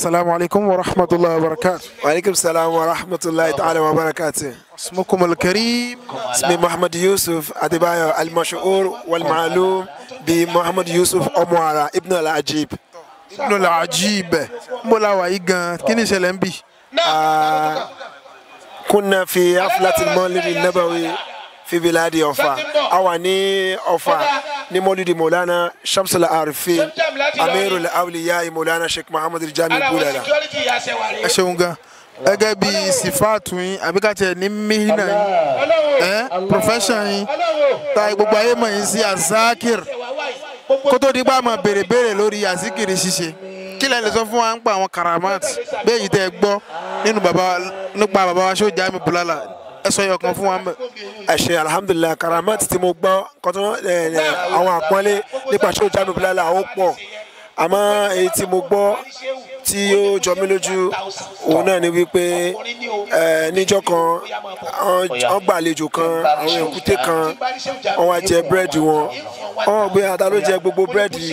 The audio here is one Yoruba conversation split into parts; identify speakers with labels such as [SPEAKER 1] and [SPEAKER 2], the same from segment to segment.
[SPEAKER 1] السلام عليكم ورحمة الله وبركاته وعليكم السلام ورحمة الله تعالى وبركاته اسمكم الكريم اسمي محمد يوسف أديبايو المشهور والمعلوم بمحمد يوسف أموارا ابن العجيب ابن العجيب مولا وايغان كيني سلام كنا في حفلة المولد النبوي في بلاد أوفا أواني أوفا ni mawlidi maulana shams al-arifi amiru al-awliya maulana sheikh muhammad al-jami bulala ẹ ṣeun gan gẹ́gẹ́ bí sifaatu yín àbíkàtẹ ní mihina yín profession yín ta gbogbo ayé mọ̀ yín sí azakir kó tó di pa mọ̀ béèrè béèrè azikiri ṣíṣe kila lẹ lè sọ fún wa ń pa àwọn karamat bẹ́ẹ̀ yìí tẹ́ gbọ́ baba nípa baba wa ṣó Jami Bulala ẹsọ yẹ kan fún wa ẹsẹ alihamudulilayi karamat tí mo gbọ́ kọtọ ẹ àwọn àpọ́nlé nípa ṣé o jáde bilala àwọn pọ̀ àmọ́ èyí tí mo gbọ́ tí ó jọ mí lójú òun náà ni wípé níjọ́ kan wọ́n gbàlejò kan àwọn èkúté kan wọ́n wá jẹ búrẹ́dì wọn wọ́n gbé ata ah, ló jẹ gbogbo búrẹ́dì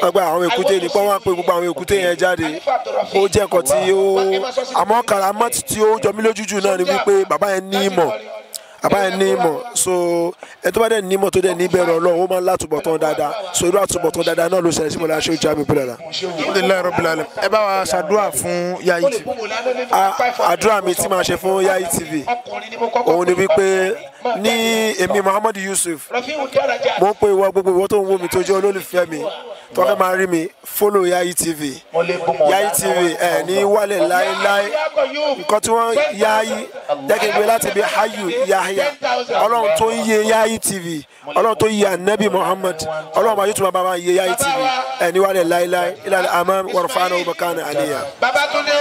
[SPEAKER 1] wọ́n gba àwọn èkúté ní pọ́n wọ́n pe gbogbo àwọn èkúté yẹn jáde ó jẹ́ nǹkan tí ó àmọ́ karamọ́tì tí ó jọ mí lójú jù náà ni wípé bàbá yẹn ní ìmọ̀ bàbá yẹn ní ìmọ̀ so ẹ tó bá dẹ̀ ní mọ́tò dẹ̀ níbẹ̀rẹ̀ ọlọ́run ó máa ń látúbọ̀tán dáadáa so irú àtúbọ̀tán dáadáa náà ló ṣẹlẹ̀ sí mọ́lá ṣe ojú àmì ìpínlẹ̀ náà. alhamdulilayi rabbil alamin ẹ bá wa ṣàdúrà fún Yayi TV. àdúrà mi tí màá ṣe fún Yayi TV òun ni wípé ní èmi Muhammad Yusuf mo ń pe ìwọ gbogbo ìwọ tó ń wò mí tó jẹ́ olólùfẹ́ mi tó fẹ́ máa rí mi follow Yayi TV Yayi TV ẹ̀ ní wálẹ̀ láéláé nǹkan tí wọ́n Yayi jẹ́ kí n gbé láti ibi hayu Yahya ọlọ́run ọlọ́run tó ń yé Yayi TV ọlọ́run tó yé anabi muhammad ọlọ́run bá yóò tún bá bá yé Yayi TV ẹni wàá lẹ̀ láéláé ilà àmà wàrúfàánà ọmọkànnà àlẹ́yà. babatunde.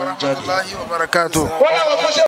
[SPEAKER 1] ọ̀rọ̀ àbúrò wa barakatu. wọ́n náà wọ́n kọ́